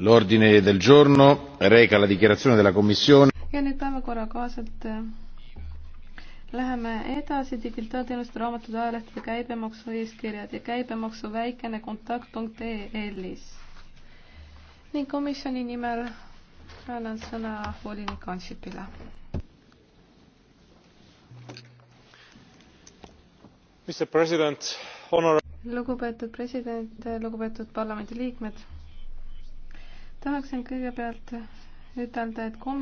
l'ordine del giorno reca la dichiarazione della commissione ja nüüd päevakorra kohaselt äh, läheme edasi digitaalteenuste raamatute ajalehtede käibemaksu eeskirjad ja käibemaksu väikene kontakt EL-is ning komisjoni nimel annan sõna volinik Ansipile. lugupeetud president, lugupeetud parlamendiliikmed tahaksin kõigepealt ütelda, et komisjon